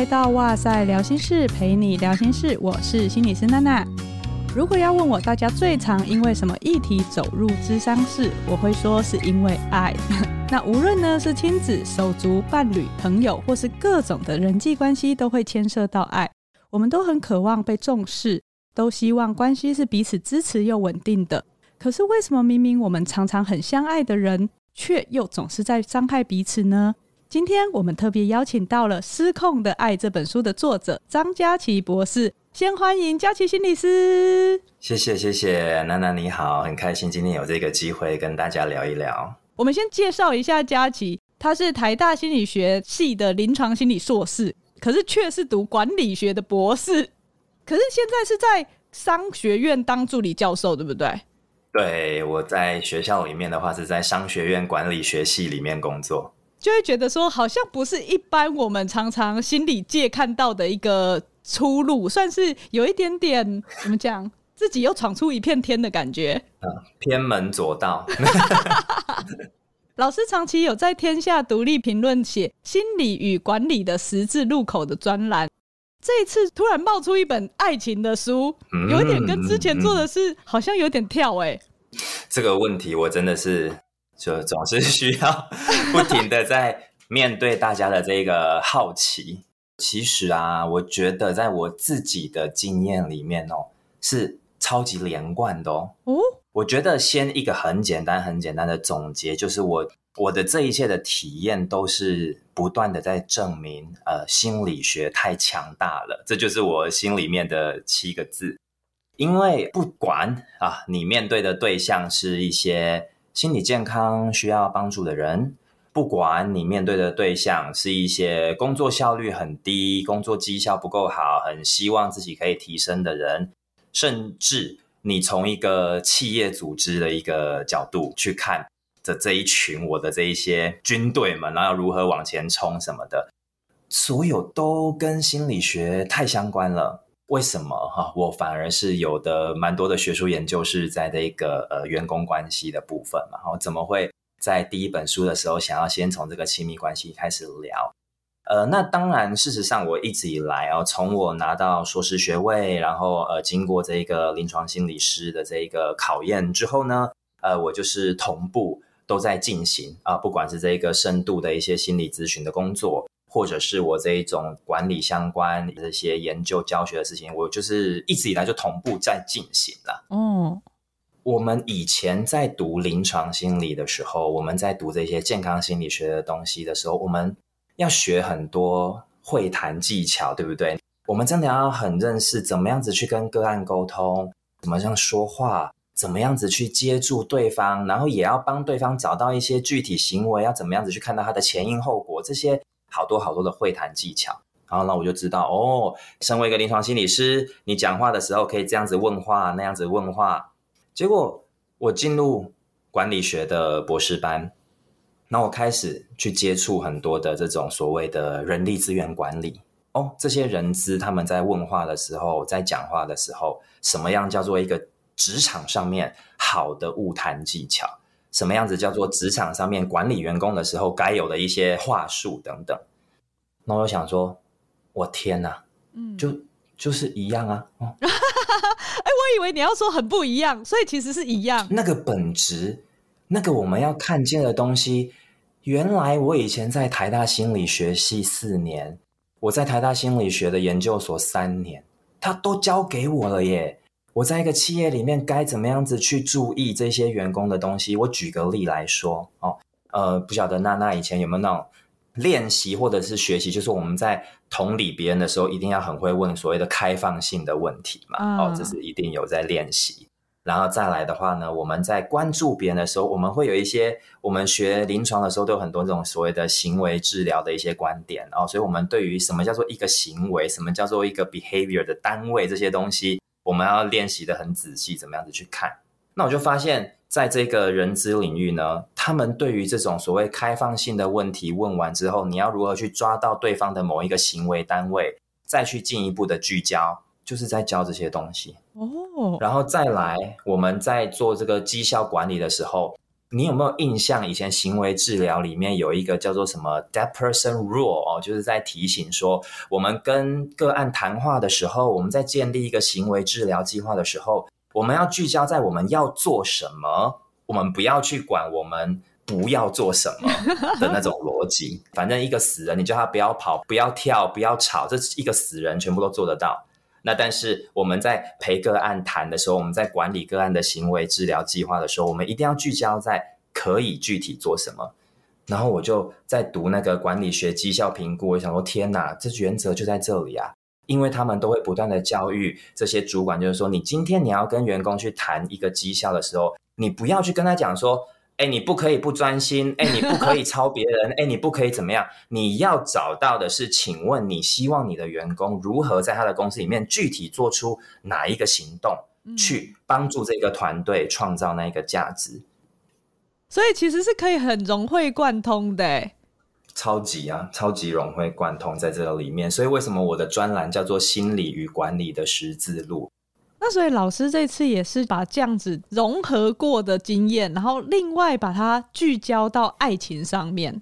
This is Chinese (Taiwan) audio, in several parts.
來到哇賽，療心室，陪你聊心事。我是心理師娜娜。如果要問我，大家最常因為什麼議題走入諮商室，我會說是因為愛。 那無論呢是親子、手足、伴侶、朋友，或是各種的人際關係，都會牽涉到愛。我們都很渴望被重視，都希望關係是彼此支持又穩定的。可是為什麼明明我們常常很相愛的人，卻又總是在傷害彼此呢？今天我們特別邀請到了《失控的愛》這本書的作者張家齊博士，先歡迎家齊心理師。謝謝謝謝，娜娜你好，很開心今天有這個機會跟大家聊一聊。我們先介紹一下家齊，他是台大心理學系的臨床心理碩士，可是卻是讀管理學的博士，可是現在是在商學院當助理教授，對不對？對，我在學校裡面的話是在商學院管理學系裡面工作。就會覺得說，好像不是一般我們常常心理界看到的一個出路，算是有一點點怎麼講，自己又闖出一片天的感覺。啊，偏門左道。 老師長期有在《天下》獨立評論寫心理與管理的十字路口的專欄，這一次突然冒出一本愛情的書，有一點跟之前做的事好像有點跳，哎、欸，嗯嗯。這個問題，我真的是。就總是需要不停的在面對大家的這個好奇。其實啊，我覺得在我自己的經驗裡面哦，是超級連貫的哦。嗯、我覺得先一個很簡單、很簡單的總結，就是我我的這一切的體驗都是不斷的在證明，呃，心理學太強大了。這就是我心裡面的七個字。因為不管啊，你面對的對象是一些。心理健康需要幫助的人，不管你面對的對象是一些工作效率很低、工作績效不夠好、很希望自己可以提升的人，甚至你從一個企業組織的一個角度去看的這一群我的這一些軍隊們，然後如何往前衝什麼的，所有都跟心理學太相關了。為什麼哈？我反而是有的蠻多的學術研究是在這個呃員工關係的部分，然後怎麼會在第一本書的時候想要先從這個親密關係開始聊？呃，那當然，事實上我一直以來哦、呃，從我拿到碩士學位，然後呃經過這個臨床心理師的這一個考驗之後呢，呃，我就是同步都在進行啊、呃，不管是這個深度的一些心理諮詢的工作。或者是我這一種管理相關這些研究教學的事情，我就是一直以來就同步在進行了。嗯，我們以前在讀臨床心理的時候，我們在讀這些健康心理學的東西的時候，我們要學很多會談技巧，對不對？我們真的要很認識怎麼樣子去跟個案溝通，怎麼樣說話，怎麼樣子去接住對方，然後也要幫對方找到一些具體行為，要怎麼樣子去看到他的前因後果這些。好多好多的會談技巧，然後呢，那我就知道哦，身為一個臨床心理師，你講話的時候可以這樣子問話，那樣子問話。結果我進入管理學的博士班，那我開始去接觸很多的這種所謂的人力資源管理哦，這些人資他們在問話的時候，在講話的時候，什麼樣叫做一個職場上面好的會談技巧？什麼樣子叫做職場上面管理員工的時候該有的一些話術等等？那我想說，我天哪，嗯，就就是一樣啊。哎、哦 欸，我以為你要說很不一樣，所以其實是一樣。那個本質，那個我們要看見的東西，原來我以前在台大心理學系四年，我在台大心理學的研究所三年，他都教給我了耶。我在一個企業裡面該怎麼樣子去注意這些員工的東西？我舉個例來說哦，呃，不曉得娜娜以前有沒有那種練習或者是學習，就是我們在同理別人的時候，一定要很會問所謂的開放性的問題嘛？哦，這是一定有在練習。然後再來的話呢，我們在關注別人的時候，我們會有一些我們學臨床的時候都有很多這種所謂的行為治療的一些觀點哦，所以我們對於什麼叫做一個行為，什麼叫做一個 behavior 的單位這些東西。我們要練習得很仔細，怎麼樣子去看？那我就發現，在這個人資領域呢，他們對於這種所謂開放性的問題問完之後，你要如何去抓到對方的某一個行為單位，再去進一步的聚焦，就是在教這些東西哦。Oh. 然後再來，我們在做這個績效管理的時候。你有沒有印象？以前行為治療裡面有一個叫做什麼 dead person rule 哦，就是在提醒說，我們跟個案談話的時候，我們在建立一個行為治療計劃的時候，我們要聚焦在我們要做什麼，我們不要去管我們不要做什麼的那種邏輯。 反正一個死人，你叫他不要跑、不要跳、不要吵，這是一個死人全部都做得到。那但是我們在陪個案談的時候，我們在管理個案的行為治療計劃的時候，我們一定要聚焦在可以具體做什麼。然後我就在讀那個管理學績效評估，我想說天哪，這原則就在這裡啊！因為他們都會不斷的教育這些主管，就是說你今天你要跟員工去談一個績效的時候，你不要去跟他講說。哎，欸、你不可以不專心。哎、欸，你不可以抄別人。哎， 欸、你不可以怎麼樣？你要找到的是，請問你希望你的員工如何在他的公司裡面具體做出哪一個行動，去幫助這個團隊創造那一個價值？所以其實是可以很融會貫通的，超級啊，超級融會貫通在這裡面。所以為什麼我的專欄叫做《心理與管理的十字路》？那所以老師這次也是把這樣子融合過的經驗，然後另外把它聚焦到愛情上面。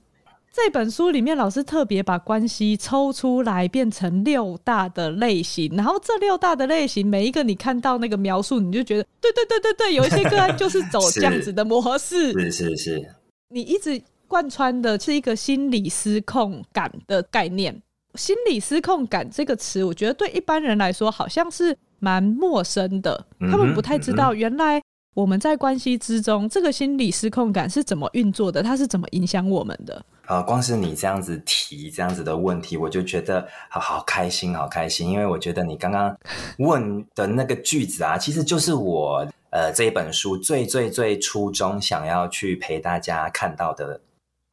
這本書裡面，老師特別把關係抽出來，變成六大的類型。然後這六大的類型，每一個你看到那個描述，你就覺得對對對對對，有一些個案就是走這樣子的模式。是是 是，是是是你一直貫穿的是一個心理失控感的概念。心理失控感這個詞，我覺得對一般人來說，好像是。蠻陌生的，嗯、哼他們不太知道，原來我們在關係之中，嗯、哼這個心理失控感是怎麼運作的，它是怎麼影響我們的？啊、呃，光是你這樣子提這樣子的問題，我就覺得好好開心，好開心，因為我覺得你剛剛問的那個句子啊， 其實就是我呃這本書最最最初衷想要去陪大家看到的。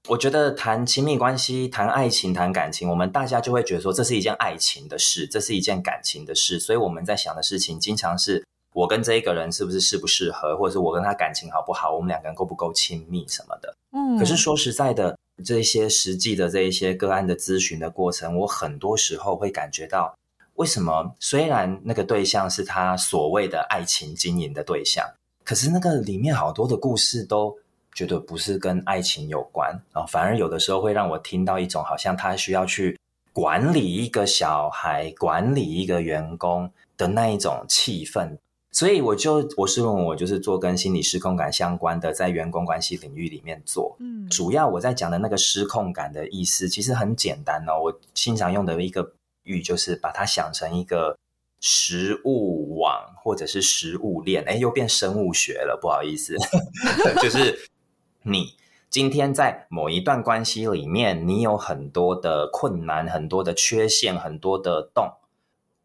我覺得談親密關係、談愛情、談感情，我們大家就會覺得說，這是一件愛情的事，這是一件感情的事。所以我們在想的事情，經常是我跟這一個人是不是適不適合，或者是我跟他感情好不好，我們兩個人夠不夠親密什麼的。嗯。可是說實在的，這一些實際的這一些個案的諮詢的過程，我很多時候會感覺到，為什麼雖然那個對象是他所謂的愛情經營的對象，可是那個裡面好多的故事都。覺得不是跟愛情有關啊，反而有的時候會讓我聽到一種好像他需要去管理一個小孩、管理一個員工的那一種氣氛，所以我就我是問我就是做跟心理失控感相關的，在員工關係領域裡面做，嗯，主要我在講的那個失控感的意思其實很簡單哦，我經常用的一個語就是把它想成一個食物網或者是食物鏈，誒，又變生物學了，不好意思， 就是。你今天在某一段關係裡面，你有很多的困難，很多的缺陷，很多的洞，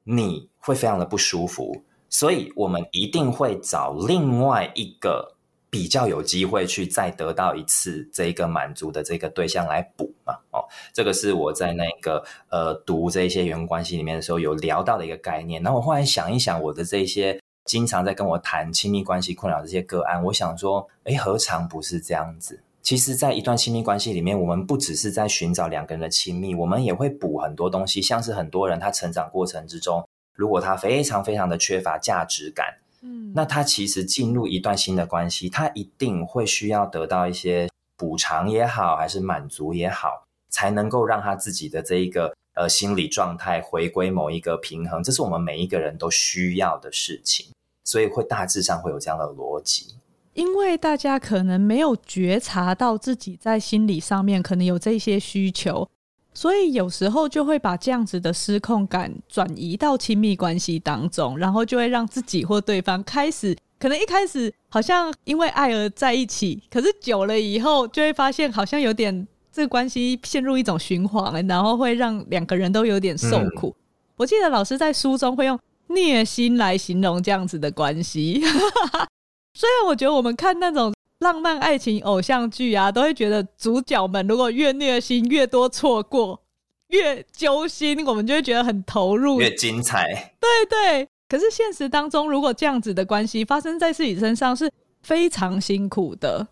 你會非常的不舒服，所以我們一定會找另外一個比較有機會去再得到一次這個滿足的這個對象來補嘛。哦，這個是我在那個呃讀這一些員工關係裡面的時候有聊到的一個概念。那我後來想一想我的這些。經常在跟我談親密關係困擾這些個案，我想說，誒，何嘗不是這樣子？其實，在一段親密關係裡面，我們不只是在尋找兩個人的親密，我們也會補很多東西。像是很多人他成長過程之中，如果他非常非常的缺乏價值感，嗯，那他其實進入一段新的關係，他一定會需要得到一些補償也好，還是滿足也好，才能夠讓他自己的這一個。呃，心理狀態回歸某一個平衡，這是我們每一個人都需要的事情，所以會大致上會有這樣的邏輯。因為大家可能沒有覺察到自己在心理上面可能有這些需求，所以有時候就會把這樣子的失控感轉移到親密關係當中，然後就會讓自己或對方開始，可能一開始好像因為愛而在一起，可是久了以後就會發現好像有點。這個關係陷入一種循環，然後會讓兩個人都有點受苦。嗯、我記得老師在書中會用虐心來形容這樣子的關係。 所以我覺得我們看那種浪漫愛情偶像劇啊，都會覺得主角們如果越虐心、越多錯過、越揪心，我們就會覺得很投入、越精彩。對對，可是現實當中，如果這樣子的關係發生在自己身上，是非常辛苦的。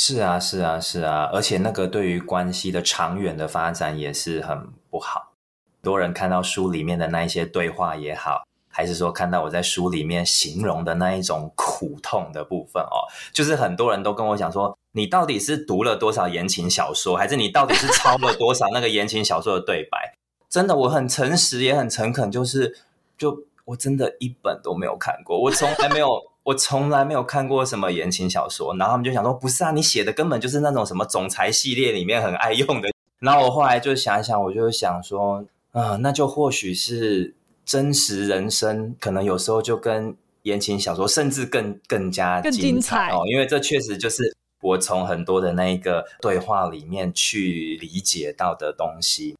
是啊，是啊，是啊，而且那個對於關係的長遠的發展也是很不好。很多人看到書裡面的那一些對話也好，還是說看到我在書裡面形容的那一種苦痛的部分哦，就是很多人都跟我講說，你到底是讀了多少言情小說，還是你到底是抄了多少那個言情小說的對白？真的，我很誠實，也很誠懇，就是，就是就我真的一本都沒有看過，我從來，哎，沒有。我從來沒有看過什麼言情小說，然後他們就想說：“不是啊，你寫的根本就是那種什麼總裁系列裡面很愛用的。”然後我後來就想一想，我就想說：“啊、呃，那就或許是真實人生，可能有時候就跟言情小說甚至更更加精彩哦，因為這確實就是我從很多的那個對話裡面去理解到的東西。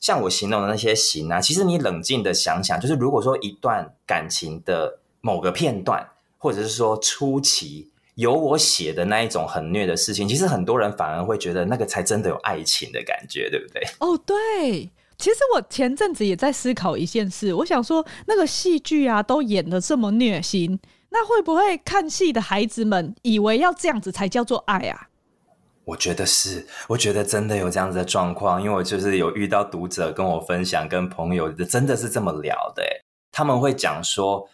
像我形容的那些行啊，其實你冷靜的想想，就是如果說一段感情的某個片段。或者是說初期有我寫的那一種很虐的事情，其實很多人反而會覺得那個才真的有愛情的感覺，對不對？哦，oh, 對，其實我前陣子也在思考一件事，我想說那個戲劇啊，都演得這麼虐心，那會不會看戲的孩子們以為要這樣子才叫做愛啊？我覺得是，我覺得真的有這樣子的狀況，因為我就是有遇到讀者跟我分享，跟朋友真的是這麼聊的，他們會講說。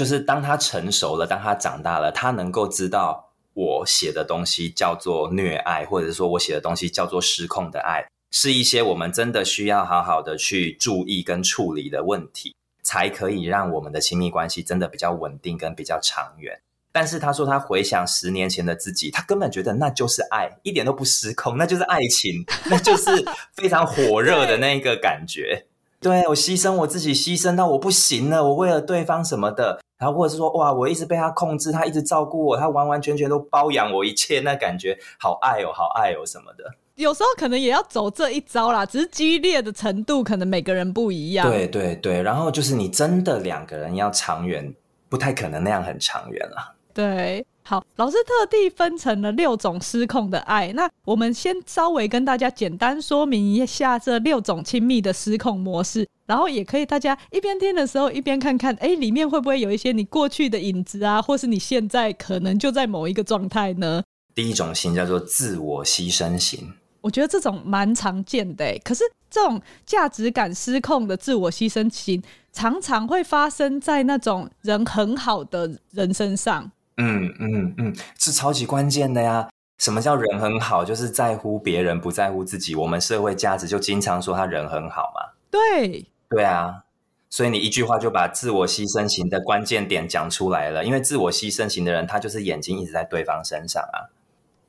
就是當他成熟了，當他長大了，他能夠知道我寫的東西叫做虐愛，或者說我寫的東西叫做失控的愛，是一些我們真的需要好好的去注意跟處理的問題，才可以讓我們的親密關係真的比較穩定跟比較長遠。但是他說他回想十年前的自己，他根本覺得那就是愛，一點都不失控，那就是愛情，那就是非常火熱的那個感覺。 對。對，我犧牲我自己，犧牲到我不行了。我為了對方什麼的，然後或者是說，哇，我一直被他控制，他一直照顧我，他完完全全都包養我一切，那感覺好愛哦，好愛哦什麼的。有時候可能也要走這一招啦，只是激烈的程度可能每個人不一樣。對對對，然後就是你真的兩個人要長遠，不太可能那樣很長遠啦。對。好，老師特地分成了六種失控的愛。那我們先稍微跟大家簡單說明一下這六種親密的失控模式，然後也可以大家一邊聽的時候一邊看看，哎、欸，裡面會不會有一些你過去的影子啊，或是你現在可能就在某一個狀態呢？第一種型叫做自我犧牲型，我覺得這種蠻常見的。可是這種價值感失控的自我犧牲型，常常會發生在那種人很好的人身上。嗯嗯嗯，是、嗯嗯、超級關鍵的呀！什麼叫人很好，就是在乎別人，不在乎自己。我們社會價值就經常說他人很好嘛。對對啊，所以你一句話就把自我犧牲型的關鍵點講出來了。因為自我犧牲型的人，他就是眼睛一直在對方身上啊。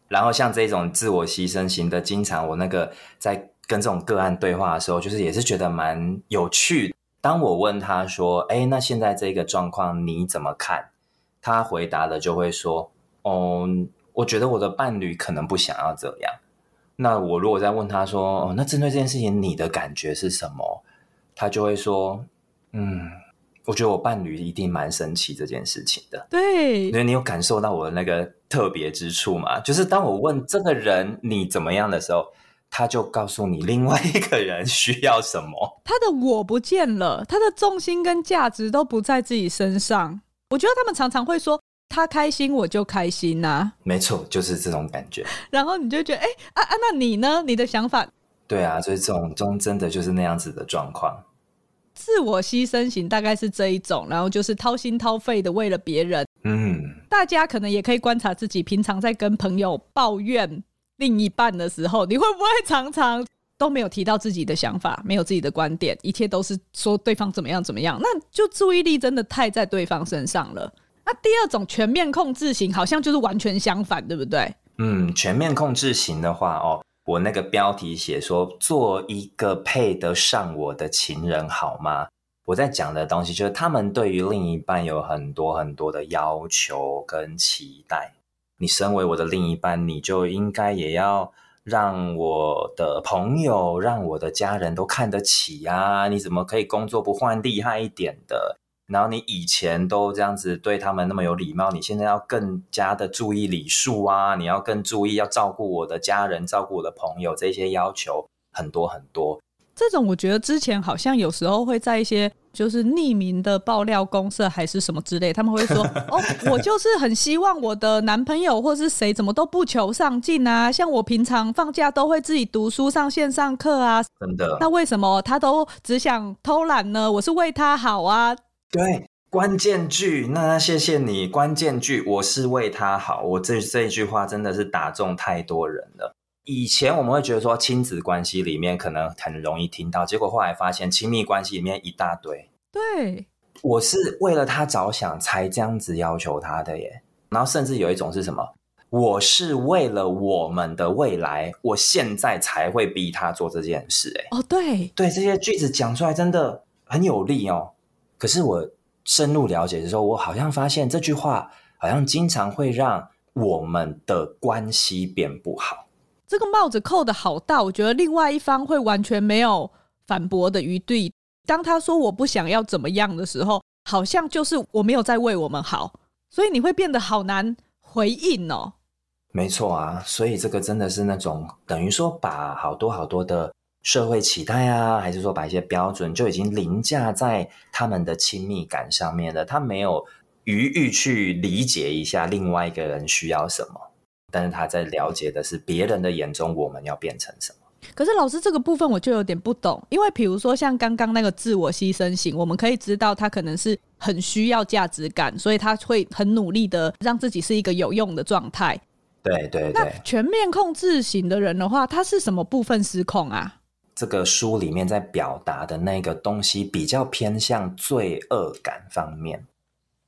然後像這種自我犧牲型的，經常我那個在跟這種個案對話的時候，就是也是覺得蠻有趣的。當我問他說：“哎，那現在這個狀況你怎麼看？”他回答的就會說：“哦，我覺得我的伴侶可能不想要這樣。”那我如果再問他說：“哦，那針對這件事情，你的感覺是什麼？”他就會說：“嗯，我覺得我伴侶一定蠻生氣這件事情的。”對，因為你有感受到我的那個特別之處嗎？就是當我問這個人你怎麼樣的時候，他就告訴你另外一個人需要什麼。他的我不見了，他的重心跟價值都不在自己身上。我覺得他們常常會說：“他開心，我就開心吶、啊。”沒錯，就是這種感覺。然後你就覺得，哎，啊啊，那你呢？你的想法？對啊，所以這種中真的就是那樣子的狀況。自我犧牲型大概是這一種，然後就是掏心掏肺的為了別人。嗯，大家可能也可以觀察自己，平常在跟朋友抱怨另一半的時候，你會不會常常？都沒有提到自己的想法，沒有自己的觀點，一切都是說對方怎麼樣怎麼樣，那就注意力真的太在對方身上了。那第二種全面控制型，好像就是完全相反，對不對？嗯，全面控制型的話，哦，我那個標題寫說做一個配得上我的情人好嗎？我在講的東西就是，他們對於另一半有很多很多的要求跟期待。你身為我的另一半，你就應該也要。讓我的朋友、讓我的家人都看得起呀、啊！你怎麼可以工作不換厲害一點的？然後你以前都這樣子對他們那麼有禮貌，你現在要更加的注意禮數啊！你要更注意，要照顧我的家人、照顧我的朋友，這些要求很多很多。這種我覺得之前好像有時候會在一些，就是匿名的爆料公社還是什麼之類，他們會說 哦，我就是很希望我的男朋友或是誰怎麼都不求上進啊，像我平常放假都會自己讀書上線上課啊，真的。那為什麼他都只想偷懶呢？我是為他好啊。對，關鍵句，那謝謝你，關鍵句，我是為他好，我這這一句話真的是打中太多人了。以前我們會覺得說親子關係裡面可能很容易聽到，結果後來發現親密關係裡面一大堆。對，我是為了他着想才這樣子要求他的耶。然後甚至有一種是什麼，我是為了我們的未來，我現在才會逼他做這件事。哎，哦，對，對，這些句子講出來真的很有利哦。可是我深入了解的時候，我好像發現這句話好像經常會讓我們的關係變不好。這個帽子扣得好大，我覺得另外一方會完全沒有反駁的餘地。當他說我不想要怎麼樣的時候，好像就是我沒有在為我們好，所以你會變得好難回應哦。沒錯啊，所以這個真的是那種等於說把好多好多的社會期待啊，還是說把一些標準就已經凌駕在他們的親密感上面了，他沒有餘裕去理解一下另外一個人需要什麼。但是他在了解的是別人的眼中我們要變成什麼？可是老師這個部分我就有點不懂，因為比如說像剛剛那個自我犧牲型，我們可以知道他可能是很需要價值感，所以他會很努力的讓自己是一個有用的狀態。對對對。那全面控制型的人的話，他是什麼部分失控啊？這個書裡面在表達的那個東西比較偏向罪惡感方面。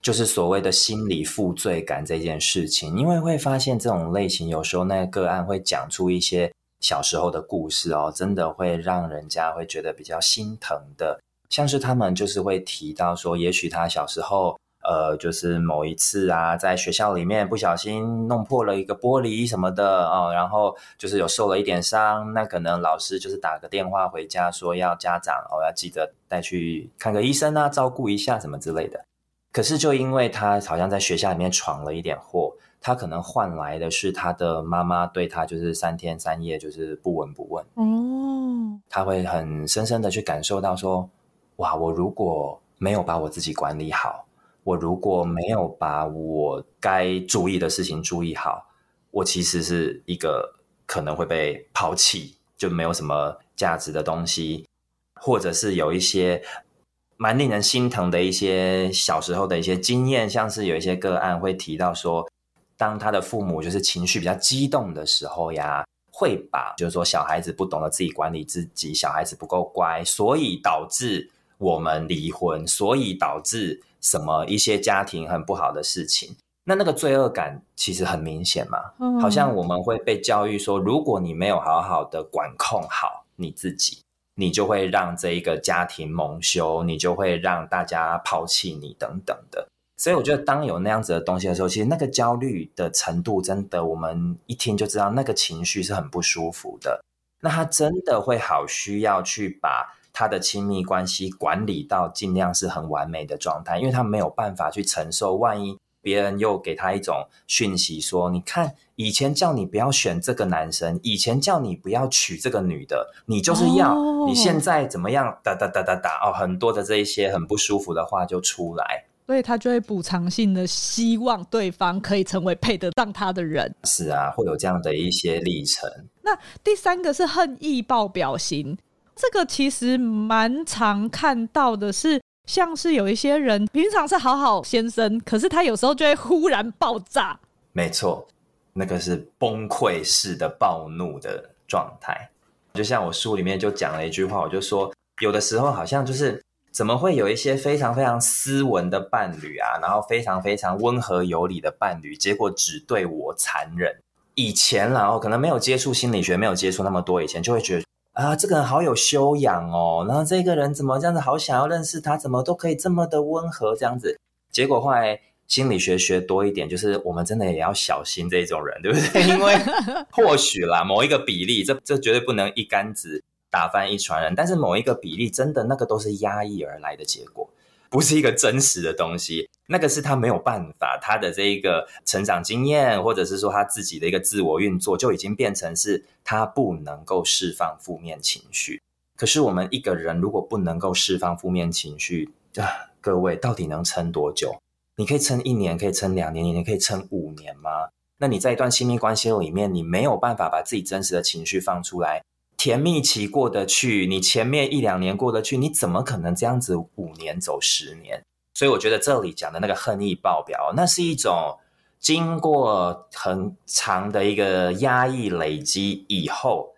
就是所謂的心理負罪感這件事情，因為會發現這種類型，有時候那個個案會講出一些小時候的故事哦，真的會讓人家會覺得比較心疼的。像是他們就是會提到說，也許他小時候呃，就是某一次啊，在學校裡面不小心弄破了一個玻璃什麼的哦，然後就是有受了一點傷，那可能老師就是打個電話回家說要家長哦，要記得帶去看個醫生啊，照顧一下什麼之類的。可是，就因為他好像在學校裡面闖了一點禍，他可能換來的是他的媽媽對他就是三天三夜就是不聞不問。哦、嗯，他會很深深的去感受到說，哇，我如果沒有把我自己管理好，我如果沒有把我該注意的事情注意好，我其實是一個可能會被拋棄，就沒有什麼價值的東西，或者是有一些。蠻令人心疼的一些小時候的一些經驗，像是有一些個案會提到說，當他的父母就是情緒比較激動的時候呀，會把就是說小孩子不懂得自己管理自己，小孩子不夠乖，所以導致我們離婚，所以導致什麼一些家庭很不好的事情。那那個罪惡感其實很明顯嘛，好像我們會被教育說，如果你沒有好好的管控好你自己。你就會讓這一個家庭蒙羞，你就會讓大家拋棄你等等的。所以我覺得，當有那樣子的東西的時候，其實那個焦慮的程度，真的我們一聽就知道，那個情緒是很不舒服的。那他真的會好需要去把他的親密關係管理到儘量是很完美的狀態，因為他沒有辦法去承受萬一。別人又給他一種訊息，說：“你看，以前叫你不要選這個男生，以前叫你不要娶這個女的，你就是要，哦，你現在怎麼樣？噠噠噠噠噠哦，很多的這一些很不舒服的話就出來，所以他就會補償性的希望對方可以成為配得上他的人。是啊，會有這樣的一些歷程。那第三個是恨意爆表型，這個其實蠻常看到的是。”像是有一些人平常是好好先生，可是他有時候就會忽然爆炸。沒錯，那個是崩潰式的暴怒的狀態。就像我書裡面就講了一句話，我就說有的時候好像就是怎麼會有一些非常非常斯文的伴侶啊，然後非常非常溫和有禮的伴侶，結果只對我殘忍。以前然後可能沒有接觸心理學，沒有接觸那麼多，以前就會覺得。啊，這個人好有修養哦。然後這個人怎麼這樣子？好想要認識他，怎麼都可以這麼的溫和這樣子。結果後來心理學學多一點，就是我們真的也要小心這種人，對不對？因為或許啦，某一個比例，這這絕對不能一竿子打翻一船人。但是某一個比例，真的那個都是壓抑而來的結果，不是一個真實的東西。那個是他沒有辦法，他的這一個成長經驗，或者是說他自己的一個自我運作，就已經變成是他不能夠釋放負面情緒。可是我們一個人如果不能夠釋放負面情緒啊，各位到底能撐多久？你可以撐一年，可以撐兩年，你也可以撐五年嗎？那你在一段親密關係裡面，你沒有辦法把自己真實的情緒放出來，甜蜜期過得去，你前面一兩年過得去，你怎麼可能這樣子五年走十年？所以我覺得這裡講的那個恨意爆表，那是一種經過很長的一個壓抑累積以後，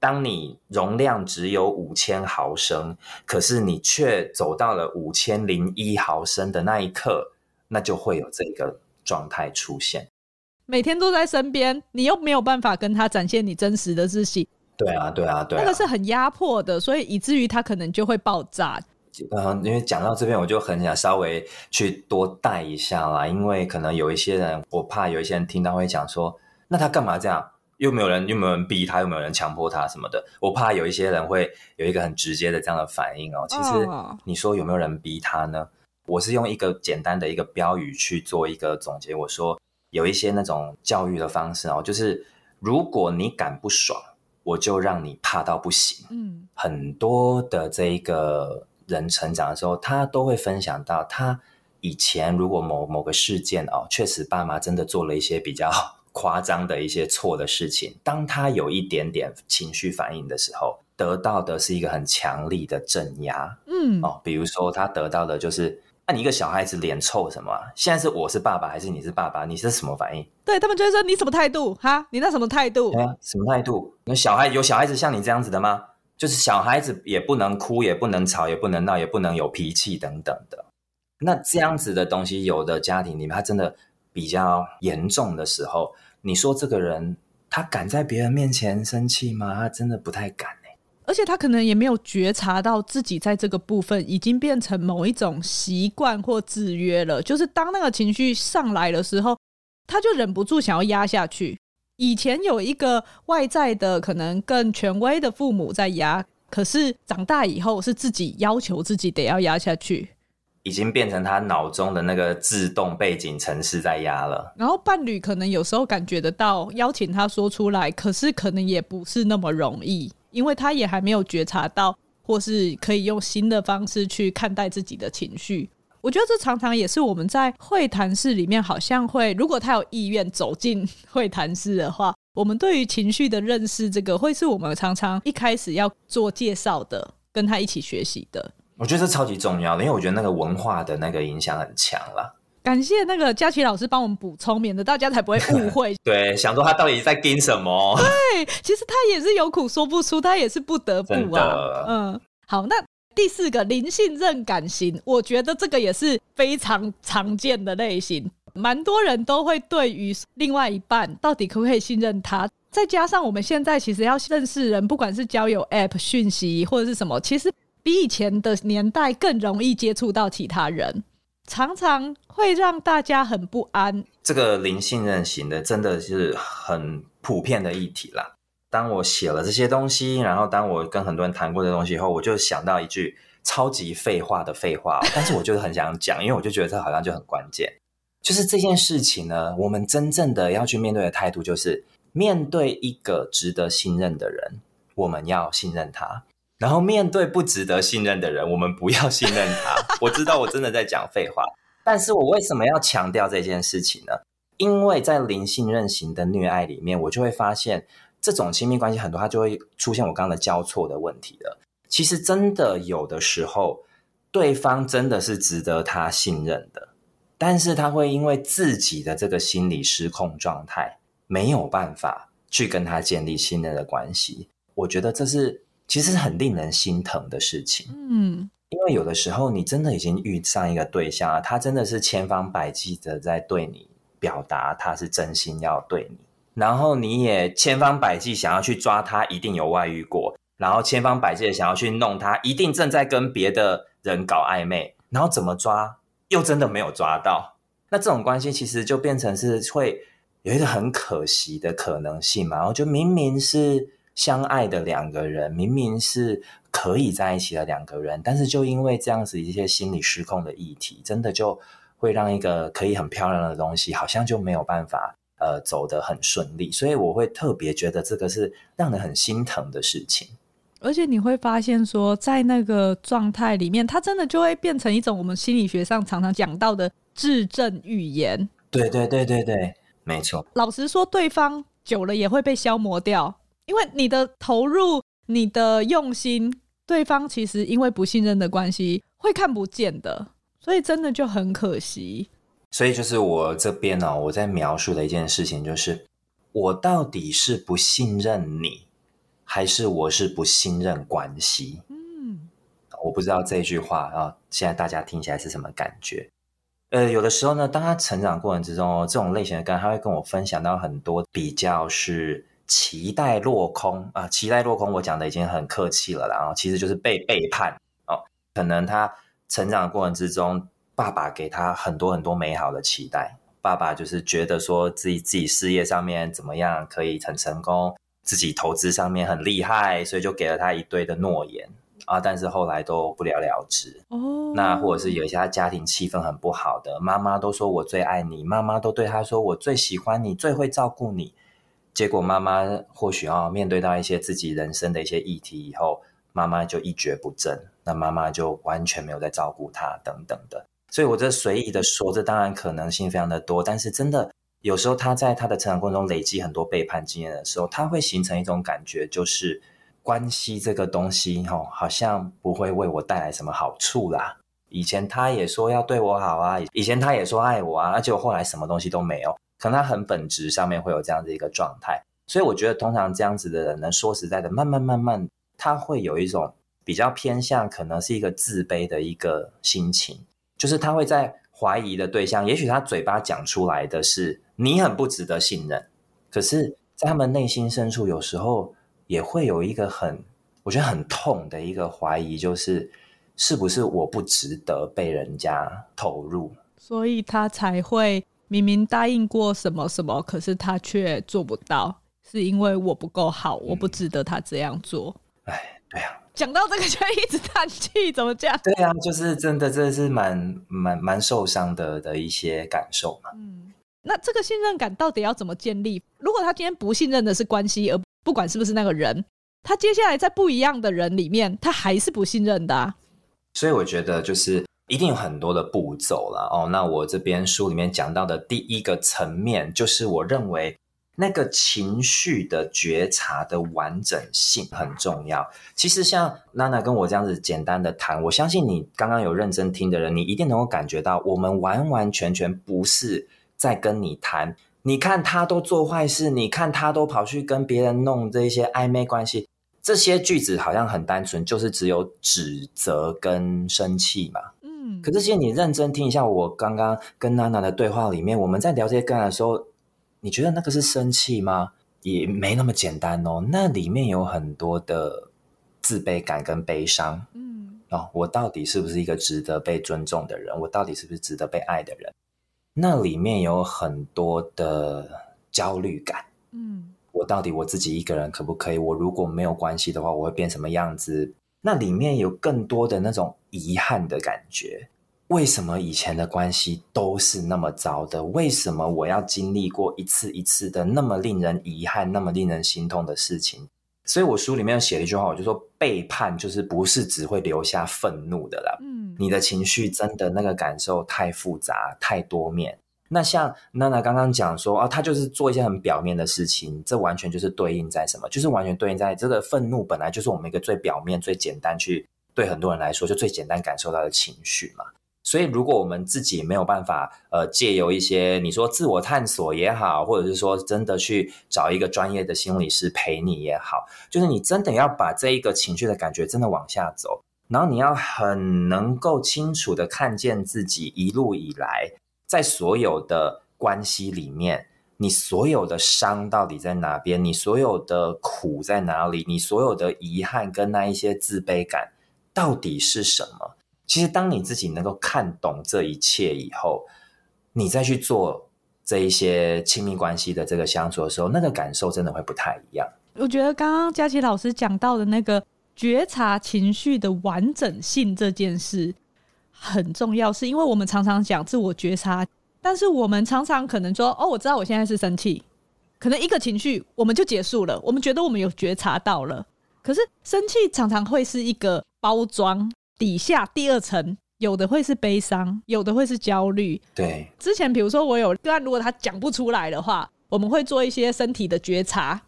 當你容量只有五千毫升，可是你卻走到了五千零一毫升的那一刻，那就會有這個狀態出現。每天都在身邊，你又沒有辦法跟他展現你真實的自己。啊。對啊，對啊，對。那個是很壓迫的，所以以至於他可能就會爆炸。嗯，因為講到這邊，我就很想稍微去多帶一下啦。因為可能有一些人，我怕有一些人聽到會講說：“那他幹嘛這樣？又沒有人，又沒有人逼他，又沒有人強迫他什麼的。”我怕有一些人會有一個很直接的這樣的反應哦。其實你說有沒有人逼他呢？我是用一個簡單的一個標語去做一個總結。我說有一些那種教育的方式哦，就是如果你敢不爽，我就讓你怕到不行。嗯，很多的這一個。人成長的時候，他都會分享到，他以前如果某某個事件哦，確實爸媽真的做了一些比較誇張的一些錯的事情。當他有一點點情緒反應的時候，得到的是一個很強力的鎮壓。嗯，哦，比如說他得到的就是，那、啊、你一個小孩子臉臭什麼、啊？現在是我是爸爸還是你是爸爸？你是什麼反應？對他們就會說你什麼態度？哈，你那什麼態度？對啊、哎，什麼態度？那小孩有小孩子像你這樣子的嗎？就是小孩子也不能哭，也不能吵，也不能鬧，也不能有脾氣等等的。那這樣子的東西，有的家庭裡面，他真的比較嚴重的時候，你說這個人他敢在別人面前生氣嗎？他真的不太敢欸。而且他可能也沒有覺察到自己在這個部分已經變成某一種習慣或制約了。就是當那個情緒上來的時候，他就忍不住想要壓下去。以前有一個外在的可能更權威的父母在壓，可是長大以後是自己要求自己得要壓下去，已經變成他腦中的那個自動背景程式在壓了。然後伴侶可能有時候感覺得到邀請他說出來，可是可能也不是那麼容易，因為他也還沒有覺察到，或是可以用新的方式去看待自己的情緒。我覺得這常常也是我們在會談室裡面，好像會如果他有意願走進會談室的話，我們對於情緒的認識，這個會是我們常常一開始要做介紹的，跟他一起學習的。我覺得這超級重要的，因為我覺得那個文化的那個影響很強啦。感謝那個家齊老師幫我們補充，免得大家才不會誤會。 對，想說他到底在跟什麼？ 對，其實他也是有苦說不出，他也是不得不啊。的嗯，好，那。第四個，零信任感型，我覺得這個也是非常常見的類型，蠻多人都會對於另外一半到底可不可以信任他。再加上我們現在其實要認識人，不管是交友 app、訊息或者是什麼，其實比以前的年代更容易接觸到其他人，常常會讓大家很不安。這個零信任型的真的是很普遍的議題啦。當我寫了這些東西，然後當我跟很多人談過的東西以後，我就想到一句超級廢話的廢話，但是我就是很想講，因為我就覺得這好像就很關鍵。就是這件事情呢，我們真正的要去面對的態度，就是面對一個值得信任的人，我們要信任他。然後面對不值得信任的人，我們不要信任他。 我知道我真的在講廢話，但是我為什麼要強調這件事情呢？因為在零信任型的虐愛裡面，我就會發現。這種親密關係很多，他就會出現我剛剛的交錯的問題了。其實真的有的時候，對方真的是值得他信任的，但是他會因為自己的這個心理失控狀態，沒有辦法去跟他建立信任的關係。我覺得這是其實很令人心疼的事情。嗯，因為有的時候你真的已經遇上一個對象，啊，他真的是千方百計的在對你表達，他是真心要對你。然後你也千方百計想要去抓他，一定有外遇過；然後千方百計想要去弄他，一定正在跟別的人搞曖昧。然後怎麼抓，又真的沒有抓到。那這種關係其實就變成是會有一個很可惜的可能性嘛。然後就明明是相愛的兩個人，明明是可以在一起的兩個人，但是就因為這樣子一些心理失控的議題，真的就會讓一個可以很漂亮的東西，好像就沒有辦法。呃，走得很順利，所以我會特別覺得這個是讓人很心疼的事情。而且你會發現說，在那個狀態裡面，它真的就會變成一種我們心理學上常常講到的自證預言。對對對對對，沒錯。老實說，對方久了也會被消磨掉，因為你的投入、你的用心，對方其實因為不信任的關係會看不見的，所以真的就很可惜。所以就是我這邊呢，我在描述的一件事情，就是我到底是不信任你，還是我是不信任關係？嗯，我不知道這句話啊，哦，現在大家聽起來是什麼感覺？呃，有的時候呢，當他成長過程之中哦，這種類型的肝，他會跟我分享到很多比較是期待落空啊，期待落空，我講的已經很客氣了啦，其實就是被背叛哦，可能他成長過程之中。爸爸給他很多很多美好的期待，爸爸就是覺得說自己自己事業上面怎麼樣可以很成功，自己投資上面很厲害，所以就給了他一堆的諾言啊。但是後來都不了了之哦。Oh. 那或者是有一些家庭氣氛很不好的，媽媽都說我最愛你，媽媽都對他說我最喜歡你，最會照顧你。結果媽媽或許要、哦、面對到一些自己人生的一些議題以後，媽媽就一蹶不振，那媽媽就完全沒有在照顧他等等的。所以，我這隨意的說，這當然可能性非常的多。但是，真的有時候他在他的成長過程中累積很多背叛經驗的時候，他會形成一種感覺，就是關係這個東西，吼，好像不會為我帶來什麼好處啦。以前他也說要對我好啊，以前他也說愛我啊，結果後來什麼東西都沒有。可能他很本質上面會有這樣的一個狀態。所以，我覺得通常這樣子的人呢，能說實在的，慢慢慢慢，他會有一種比較偏向，可能是一個自卑的一個心情。就是他會在懷疑的對象，也許他嘴巴講出來的是“你很不值得信任”，可是，在他們內心深處，有時候也會有一個很，我覺得很痛的一個懷疑，就是是不是我不值得被人家投入？所以，他才會明明答應過什麼什麼，可是他卻做不到，是因為我不夠好，嗯、我不值得他這樣做。哎，對呀、啊。講到這個就會一直嘆氣，怎麼講？對啊，就是真的，這是蠻蠻蠻受傷的的一些感受嘛。嗯，那這個信任感到底要怎麼建立？如果他今天不信任的是關係，而不管是不是那個人，他接下來在不一樣的人裡面，他還是不信任的啊。所以我覺得就是一定有很多的步驟啦。哦，那我這邊書裡面講到的第一個層面，就是我認為。那個情緒的覺察的完整性很重要。其實像娜娜跟我這樣子簡單的談，我相信你剛剛有認真聽的人，你一定能夠感覺到，我們完完全全不是在跟你談。你看他都做壞事，你看他都跑去跟別人弄這些曖昧關係，這些句子好像很單純，就是只有指責跟生氣嘛。嗯，可是現在你認真聽一下，我剛剛跟娜娜的對話裡面，我們在聊這些個人的時候。你覺得那個是生氣嗎？也沒那麼簡單哦。那裡面有很多的自卑感跟悲傷，嗯，哦，我到底是不是一個值得被尊重的人？我到底是不是值得被愛的人？那裡面有很多的焦慮感，嗯，我到底我自己一個人可不可以？我如果沒有關係的話，我會變什麼樣子？那裡面有更多的那種遺憾的感覺。為什麼以前的關係都是那麼糟的？為什麼我要經歷過一次一次的那麼令人遺憾、那麼令人心痛的事情？所以我書裡面有寫了一句話，我就說背叛就是不是只會留下憤怒的了。嗯，你的情緒真的那個感受太複雜、太多面。那像娜娜剛剛講說啊，她就是做一些很表面的事情，這完全就是對應在什麼？就是完全對應在這個憤怒本來就是我們一個最表面、最簡單去對很多人來說就最簡單感受到的情緒嘛。所以，如果我們自己沒有辦法，呃，借由一些你說自我探索也好，或者是說真的去找一個專業的心理師陪你也好，就是你真的要把這一個情緒的感覺真的往下走，然後你要很能夠清楚的看見自己一路以來在所有的關係裡面，你所有的傷到底在哪邊，你所有的苦在哪裡，你所有的遺憾跟那一些自卑感到底是什麼。其實，當你自己能夠看懂這一切以後，你再去做這一些親密關係的這個相處的時候，那個感受真的會不太一樣。我覺得剛剛家齊老師講到的那個覺察情緒的完整性這件事很重要，是因為我們常常講自我覺察，但是我們常常可能說：“哦，我知道我現在是生氣，可能一個情緒我們就結束了。”我們覺得我們有覺察到了，可是生氣常常會是一個包裝。底下第二層，有的會是悲傷，有的會是焦慮。對，之前比如說我有，但如果他講不出來的話，我們會做一些身體的覺察，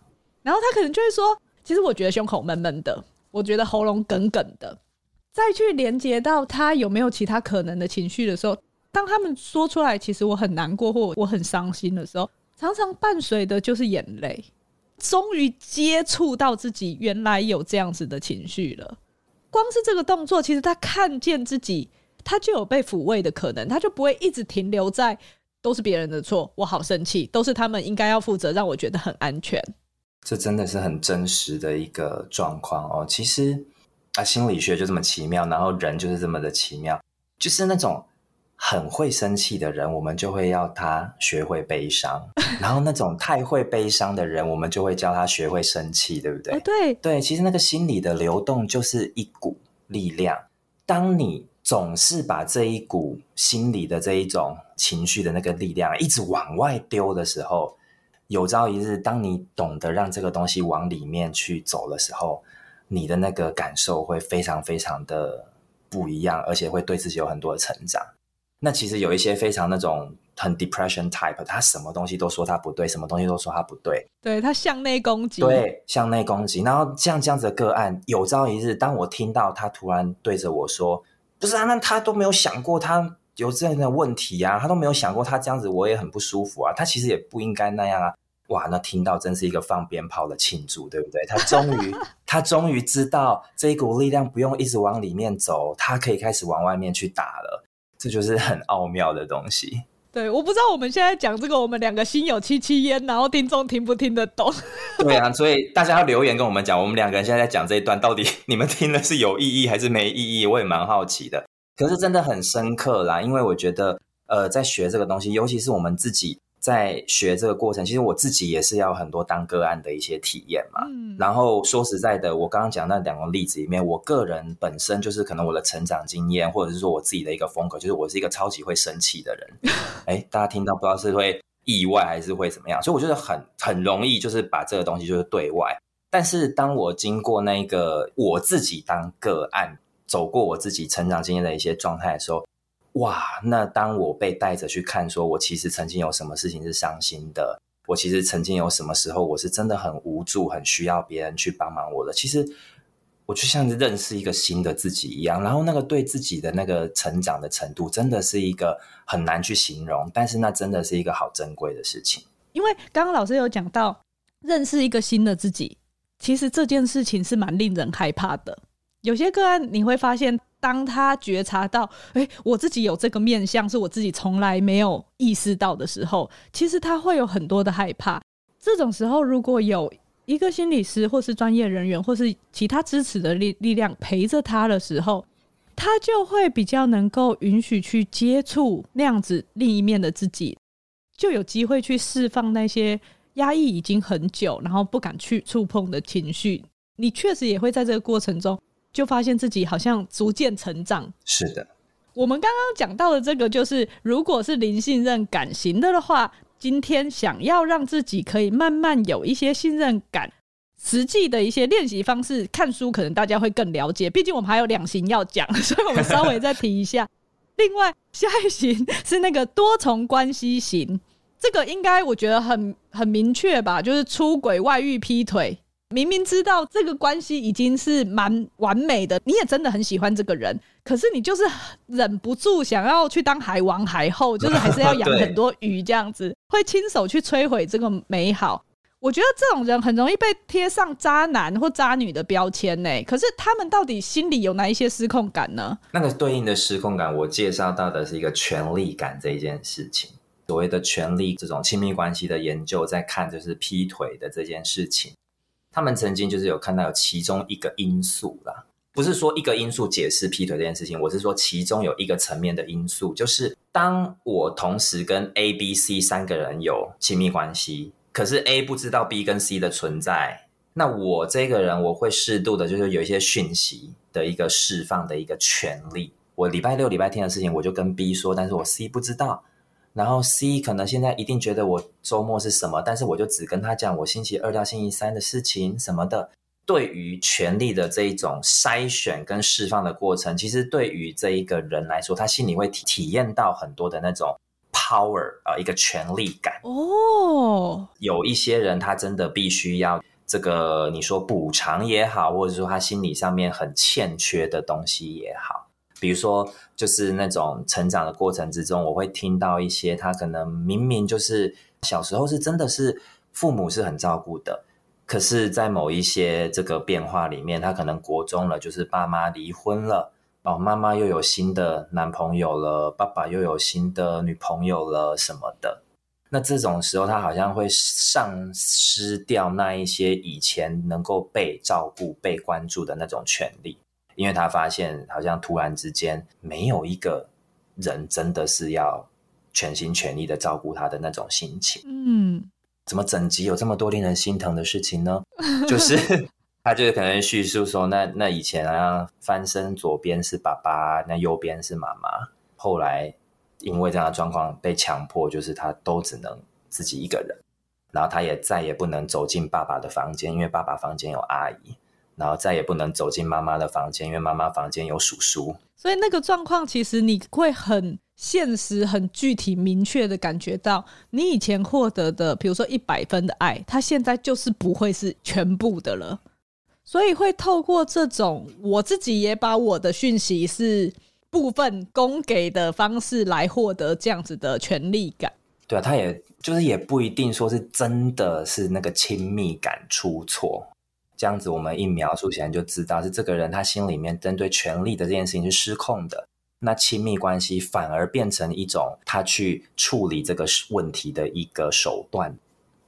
然後他可能就會說：“其實我覺得胸口悶悶的，我覺得喉嚨梗梗的。”再去連接到他有沒有其他可能的情緒的時候，當他們說出來，其實我很難過，或我很傷心的時候，常常伴隨的就是眼淚。終於接觸到自己，原來有這樣子的情緒了。光是這個動作，其實他看見自己，他就有被撫慰的可能，他就不會一直停留在都是別人的錯，我好生氣，都是他們應該要負責，讓我覺得很安全。這真的是很真實的一個狀況哦。其實啊，心理學就這麼奇妙，然後人就是這麼的奇妙，就是那種。很會生氣的人，我們就會要他學會悲傷；然後那種太會悲傷的人，我們就會教他學會生氣，對不對？對對，其實那個心理的流動就是一股力量。當你總是把這一股心理的這一種情緒的那個力量一直往外丟的時候，有朝一日，當你懂得讓這個東西往裡面去走的時候，你的那個感受會非常非常的不一樣，而且會對自己有很多的成長。那其實有一些非常那種很 depression type，他什麼東西都說他不對，什麼東西都說他不對，對，他向內攻擊，對，向內攻擊。然後這樣這樣子的個案，有朝一日當我聽到他突然對着我說：“不是啊，那他都沒有想過他有這樣的問題啊，他都沒有想過他這樣子，我也很不舒服啊，他其實也不應該那樣啊。”哇，那聽到真是一個放鞭炮的慶祝，對不對？他終於， 他終於知道這一股力量不用一直往裡面走，他可以開始往外面去打了。這就是很奧妙的東西。對，我不知道我們現在講這個，我們兩個心有戚戚焉，然後聽眾聽不聽得懂？ 對啊，所以大家要留言跟我們講，我們兩個人現在在講這一段，到底你們聽了是有意義還是沒意義？我也蠻好奇的。可是真的很深刻啦，因為我覺得，呃，在學這個東西，尤其是我們自己。在學這個過程，其實我自己也是要很多當個案的一些體驗嘛。嗯，然後說實在的，我剛剛講那兩個例子裡面，我個人本身就是可能我的成長經驗，或者是說我自己的一個風格，就是我是一個超級會生氣的人。哎，大家聽到不知道是會意外還是會怎麼樣？所以我覺得很很容易就是把這個東西就是對外。但是當我經過那個我自己當個案走過我自己成長經驗的一些狀態的時候。哇，那當我被帶着去看，說我其實曾經有什麼事情是傷心的，我其實曾經有什麼時候我是真的很無助，很需要別人去幫忙我的。其實我就像認識一個新的自己一樣，然後那個對自己的那個成長的程度，真的是一個很難去形容，但是那真的是一個好珍貴的事情。因為剛剛老師有講到認識一個新的自己，其實這件事情是蠻令人害怕的。有些個案你會發現。當他覺察到，誒，我自己有這個面向，是我自己從來沒有意識到的時候，其實他會有很多的害怕。這種時候，如果有一個心理師，或是專業人員，或是其他支持的力力量陪着他的時候，他就會比較能夠允許去接觸那樣子另一面的自己，就有機會去釋放那些壓抑已經很久，然後不敢去觸碰的情緒。你確實也會在這個過程中。就發現自己好像逐漸成長。是的，我們剛剛講到的這個，就是如果是零信任感型的的話，今天想要讓自己可以慢慢有一些信任感，實際的一些練習方式，看書可能大家會更了解。畢竟我們還有兩型要講，所以我們稍微再提一下。 另外，下一型是那個多重關係型，這個應該我覺得很很明確吧，就是出軌、外遇、劈腿。明明知道這個關係已經是蠻完美的，你也真的很喜歡這個人，可是你就是忍不住想要去當海王海後，就是還是要養很多魚這樣子， 對會親手去摧毀這個美好。我覺得這種人很容易被貼上渣男或渣女的標籤呢、欸。可是他們到底心裡有哪一些失控感呢？那個對應的失控感，我介紹到的是一個權力感這一件事情。所謂的權力，這種親密關係的研究在看就是劈腿的這件事情。他們曾經就是有看到有其中一個因素啦，不是說一個因素解釋劈腿這件事情，我是說其中有一個層面的因素，就是當我同時跟 A、B、C 三個人有親密關係，可是 A 不知道 B 跟 C 的存在，那我這個人我會適度的，就是有一些訊息的一個釋放的一個權利，我禮拜六禮拜天的事情我就跟 B 說，但是我 C 不知道。然後 C 可能現在一定覺得我周末是什麼，但是我就只跟他講我星期二到星期三的事情什麼的。對於權力的這一種篩選跟釋放的過程，其實對於這一個人來說，他心裡會體體驗到很多的那種 power 啊、呃，一個權力感。哦，oh. 有一些人他真的必須要這個，你說補償也好，或者說他心理上面很欠缺的東西也好。比如說，就是那種成長的過程之中，我會聽到一些他可能明明就是小時候是真的是父母是很照顧的，可是，在某一些這個變化裡面，他可能國中了，就是爸媽離婚了哦，媽媽又有新的男朋友了，爸爸又有新的女朋友了什麼的。那這種時候，他好像會喪失掉那一些以前能夠被照顧、被關注的那種權利。因為他發現，好像突然之間沒有一個人真的是要全心全意的照顧他的那種心情。嗯，怎麼整集有這麼多令人心疼的事情呢？ 就是他就是可能敘述說那，那那以前啊，翻身左邊是爸爸，那右邊是媽媽。後來因為這樣的狀況被強迫，就是他都只能自己一個人。然後他也再也不能走進爸爸的房間，因為爸爸房間有阿姨。然後再也不能走進媽媽的房間，因為媽媽房間有叔叔。所以那個狀況，其實你會很現實、很具體、明確的感覺到，你以前獲得的，比如說一百分的愛，他現在就是不會是全部的了。所以會透過這種我自己也把我的訊息是部分供給的方式來獲得這樣子的權力感。對啊，他也就是也不一定說是真的是那個親密感出錯。這樣子，我們一描述起來就知道是這個人，他心裡面針對權力的這件事情是失控的。那親密關係反而變成一種他去處理這個問題的一個手段。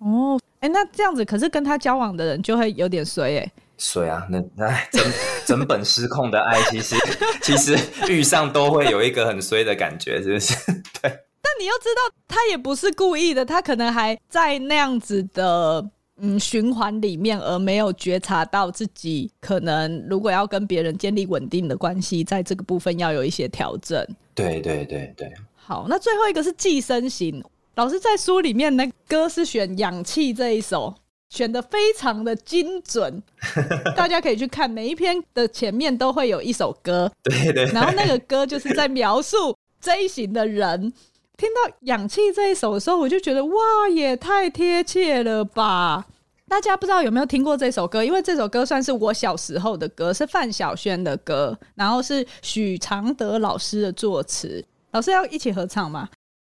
哦，哎、欸，那這樣子，可是跟他交往的人就會有點衰、欸，哎，衰啊！那那整整本失控的愛，其實 其實遇上都會有一個很衰的感覺，是不是？對。但你又知道，他也不是故意的，他可能還在那樣子的。嗯，循環裡面而沒有覺察到自己，可能如果要跟別人建立穩定的關係，在這個部分要有一些調整。對對對對。好，那最後一個是寄生型老師，在書裡面，那歌是選《氧氣》這一首，選得非常的精準， 大家可以去看每一篇的前面都會有一首歌。對，對對。然後那個歌就是在描述這一型的人。 聽到《氧氣》這一首的時候，我就覺得哇，也太貼切了吧！大家不知道有沒有聽過這首歌，因為這首歌算是我小時候的歌，是范曉萱的歌，然後是許常德老師的作詞。老師要一起合唱嗎？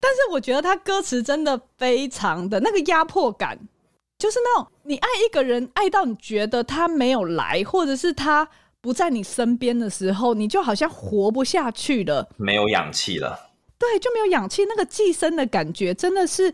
但是我覺得他歌詞真的非常的那個壓迫感，就是那種你愛一個人，愛到你覺得他沒有來，或者是他不在你身邊的時候，你就好像活不下去了，沒有氧氣了。對，就沒有氧氣那個寄生的感覺，真的是，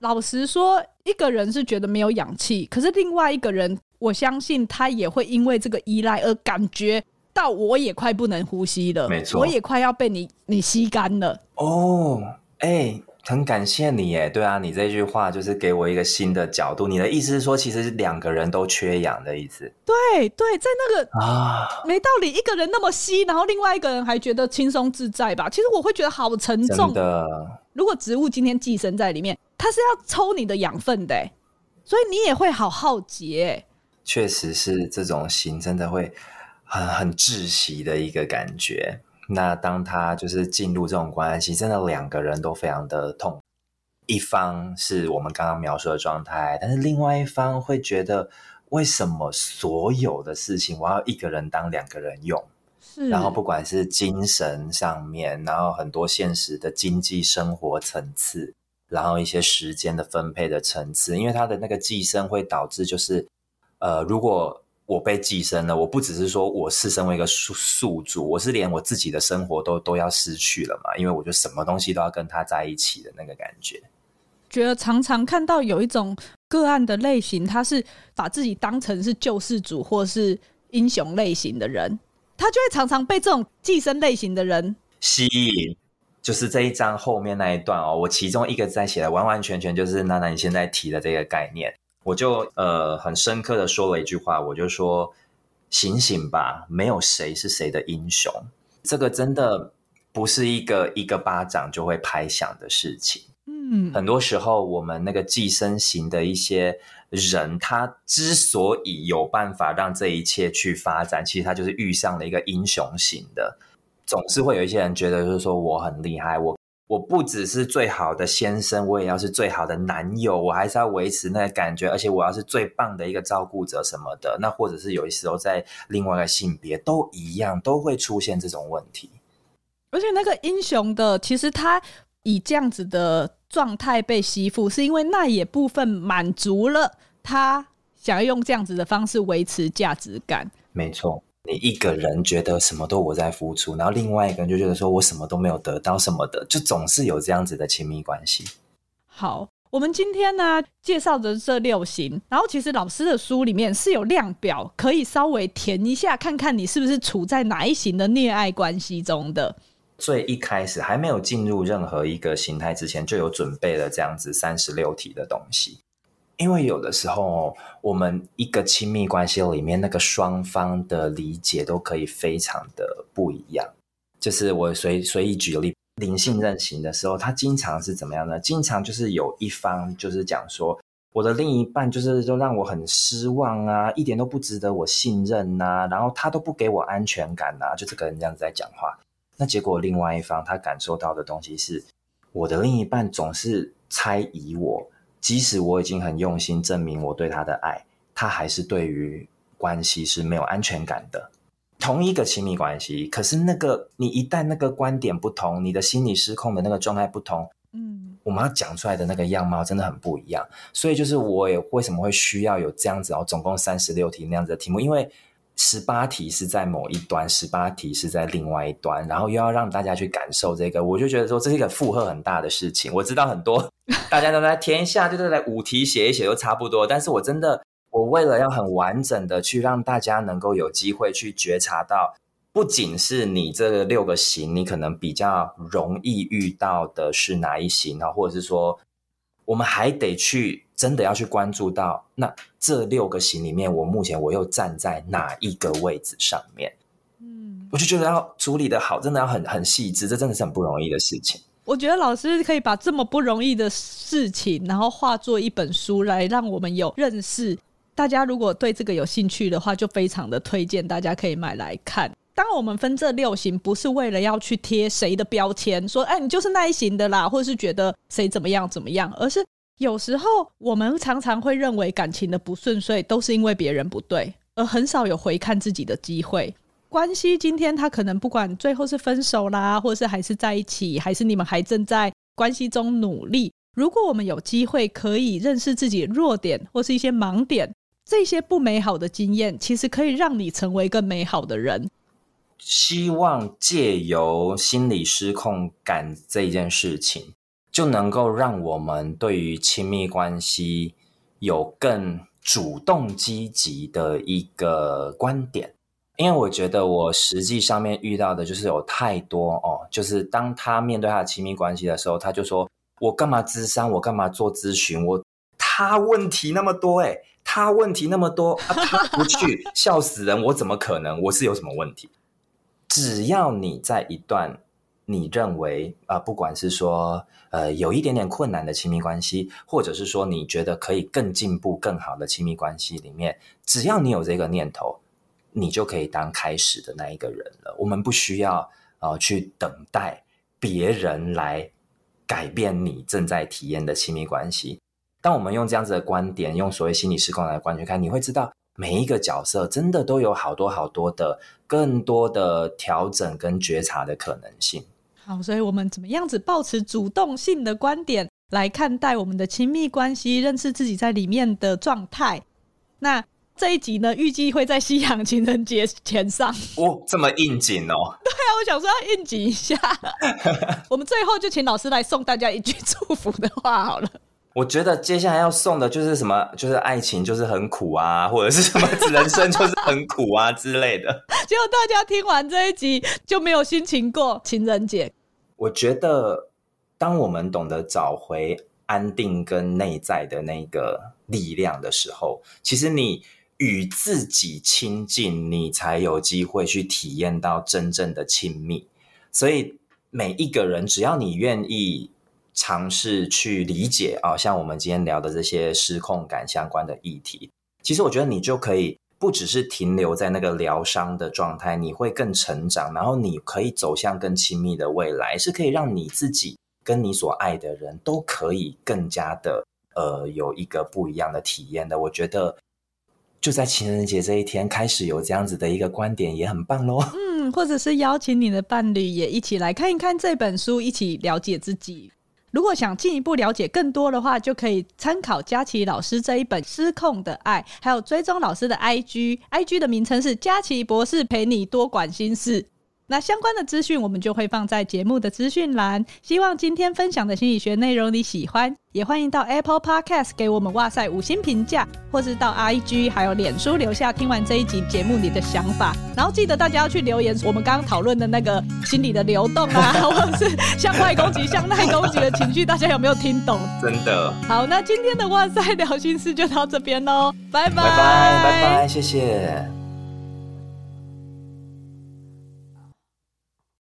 老實說，一個人是覺得沒有氧氣，可是另外一個人，我相信他也會因為這個依賴而感覺到我也快不能呼吸了，沒錯，我也快要被你你吸乾了哦，哎、欸。很感謝你，哎，對啊，你這句話就是給我一個新的角度。你的意思是說，其實是兩個人都缺氧的意思？對對，在那個啊，沒道理，一個人那麼稀，然後另外一個人還覺得輕鬆自在吧？其實我會覺得好沉重，真的。如果植物今天寄生在裡面，它是要抽你的養分的，所以你也會好耗竭。確實是這種心真的會很很窒息的一個感覺。那當他就是進入這種關係，真的兩個人都非常的痛，一方是我們剛剛描述的狀態，但是另外一方會覺得，為什麼所有的事情我要一個人當兩個人用？是，然後不管是精神上面，然後很多現實的經濟生活層次，然後一些時間的分配的層次，因為他的那個寄生會導致，就是，呃，如果。我被寄生了，我不只是說我是身為一個宿宿主，我是連我自己的生活都都要失去了嘛，因為我就什麼東西都要跟他在一起的那個感覺。覺得常常看到有一種個案的類型，他是把自己當成是救世主或是英雄類型的人，他就會常常被這種寄生類型的人吸引。就是這一章後面那一段哦，我其中一個在寫的，完完全全就是娜娜你現在提的這個概念。我就呃很深刻的說了一句話，我就說，醒醒吧，沒有誰是誰的英雄，這個真的不是一個一個巴掌就會拍響的事情。嗯，很多時候我們那個寄生型的一些人，他之所以有辦法讓這一切去發展，其實他就是遇上了一個英雄型的。總是會有一些人覺得，就是說我很厲害，我。我不只是最好的先生，我也要是最好的男友，我還是要維持那個感覺，而且我要是最棒的一個照顧者什麼的。那或者是有一些時候在另外一個性別都一樣，都會出現這種問題。而且那個英雄的，其實他以這樣子的狀態被吸附，是因為那也部分滿足了他想要用這樣子的方式維持價值感。沒錯。你一個人覺得什麼都我在付出，然後另外一個人就覺得說我什麼都沒有得到什麼的，就總是有這樣子的親密關係。好，我們今天呢介紹的這六型，然後其實老師的書裡面是有量表，可以稍微填一下，看看你是不是處在哪一型的戀愛關係中的。所以一開始還沒有進入任何一個形態之前，就有準備了這樣子三十六題的東西。因為有的時候，我們一個親密關係裡面，那個雙方的理解都可以非常的不一樣。就是我隨隨意舉例，靈性認型的時候，他經常是怎麼樣呢？經常就是有一方就是講說，我的另一半就是都讓我很失望啊，一點都不值得我信任吶、啊，然後他都不給我安全感吶、啊，就這個人這樣子在講話。那結果，另外一方他感受到的東西是，我的另一半總是猜疑我。即使我已經很用心證明我對他的愛，他還是對於關係是沒有安全感的。同一個親密關係，可是那個你一旦那個觀點不同，你的心理失控的那個狀態不同，嗯，我們要講出來的那個樣貌真的很不一樣。所以就是我也為什麼會需要有這樣子哦，然後總共三十六題那樣子的題目，因為。十八題是在某一端，十八題是在另外一端，然後又要讓大家去感受這個，我就覺得說這是一個負荷很大的事情。我知道很多，大家都來填一下，對對，來五題寫一寫都差不多。但是我真的，我為了要很完整的去讓大家能夠有機會去覺察到，不僅是你這個六個型，你可能比較容易遇到的是哪一型啊，或者是說，我們還得去。真的要去關注到，那這六個型裡面，我目前我又站在哪一個位置上面？嗯，我就覺得要處理得好，真的要很很細緻，這真的是很不容易的事情。我覺得老師可以把這麼不容易的事情，然後化作一本書來讓我們有認識。大家如果對這個有興趣的話，就非常的推薦大家可以買來看。當我們分這六型，不是為了要去貼誰的標籤，說哎，欸，你就是那一型的啦，或者是覺得誰怎麼樣怎麼樣，而是。有時候我們常常會認為感情的不順遂都是因為別人不對，而很少有回看自己的機會。關係今天他可能不管最後是分手啦，或是還是在一起，還是你們還正在關係中努力。如果我們有機會可以認識自己的弱點或是一些盲點，這些不美好的經驗其實可以讓你成為更美好的人。希望借由心理失控感這件事情。就能夠讓我們對於親密關係有更主動、積極的一個觀點，因為我覺得我實際上面遇到的就是有太多哦，就是當他面對他的親密關係的時候，他就說我幹嘛諮商，我幹嘛做諮詢，我他問題那麼多、欸，誒他問題那麼多、啊，他不去，笑死人，我怎麼可能？我是有什麼問題？只要你在一段。你認為啊、呃，不管是說呃有一點點困難的親密關係，或者是說你覺得可以更進步、更好的親密關係裡面，只要你有這個念頭，你就可以當開始的那一個人了。我們不需要啊、呃、去等待別人來改變你正在體驗的親密關係。當我們用這樣子的觀點，用所謂心理失控來觀察，你會知道每一個角色真的都有好多好多的、更多的調整跟覺察的可能性。好，所以我們怎麼樣子抱持主動性的觀點來看待我們的親密關係，認識自己在裡面的狀態。那這一集呢，預計會在西洋情人節前上。哦，這麼應景哦！對啊，我想說要應景一下。 我們最後就請老師來送大家一句祝福的話好了。我覺得接下來要送的就是什麼，就是愛情，就是很苦啊，或者是什麼人生，就是很苦啊之類的。 結果大家聽完這一集就沒有心情過情人節。我覺得，當我們懂得找回安定跟內在的那個力量的時候，其實你與自己親近，你才有機會去體驗到真正的親密。所以，每一個人只要你願意。嘗試去理解啊，像我們今天聊的這些失控感相關的議題，其實我覺得你就可以不只是停留在那個療傷的狀態，你會更成長，然後你可以走向更親密的未來，是可以讓你自己跟你所愛的人都可以更加的呃，有一個不一樣的體驗的。我覺得就在情人節這一天開始有這樣子的一個觀點也很棒咯。嗯，或者是邀請你的伴侶也一起來看一看這本書，一起了解自己。如果想進一步了解更多的話，就可以參考家齊老師這一本《失控的愛》，還有追蹤老師的 I G，I G 的名稱是家齊博士陪你多管心事。那相關的資訊我們就會放在節目的資訊欄。希望今天分享的心理學內容你喜歡，也歡迎到 Apple Podcast 給我們哇賽五星評價，或是到 IG 還有臉書留下聽完這一集節目你的想法。然後記得大家要去留言，我們剛剛討論的那個心理的流動啊， 或者是向外攻擊 向內攻擊的情緒，大家有沒有聽懂？真的好，那今天的哇賽療心室就到這邊嘍，拜拜拜拜拜拜，謝謝。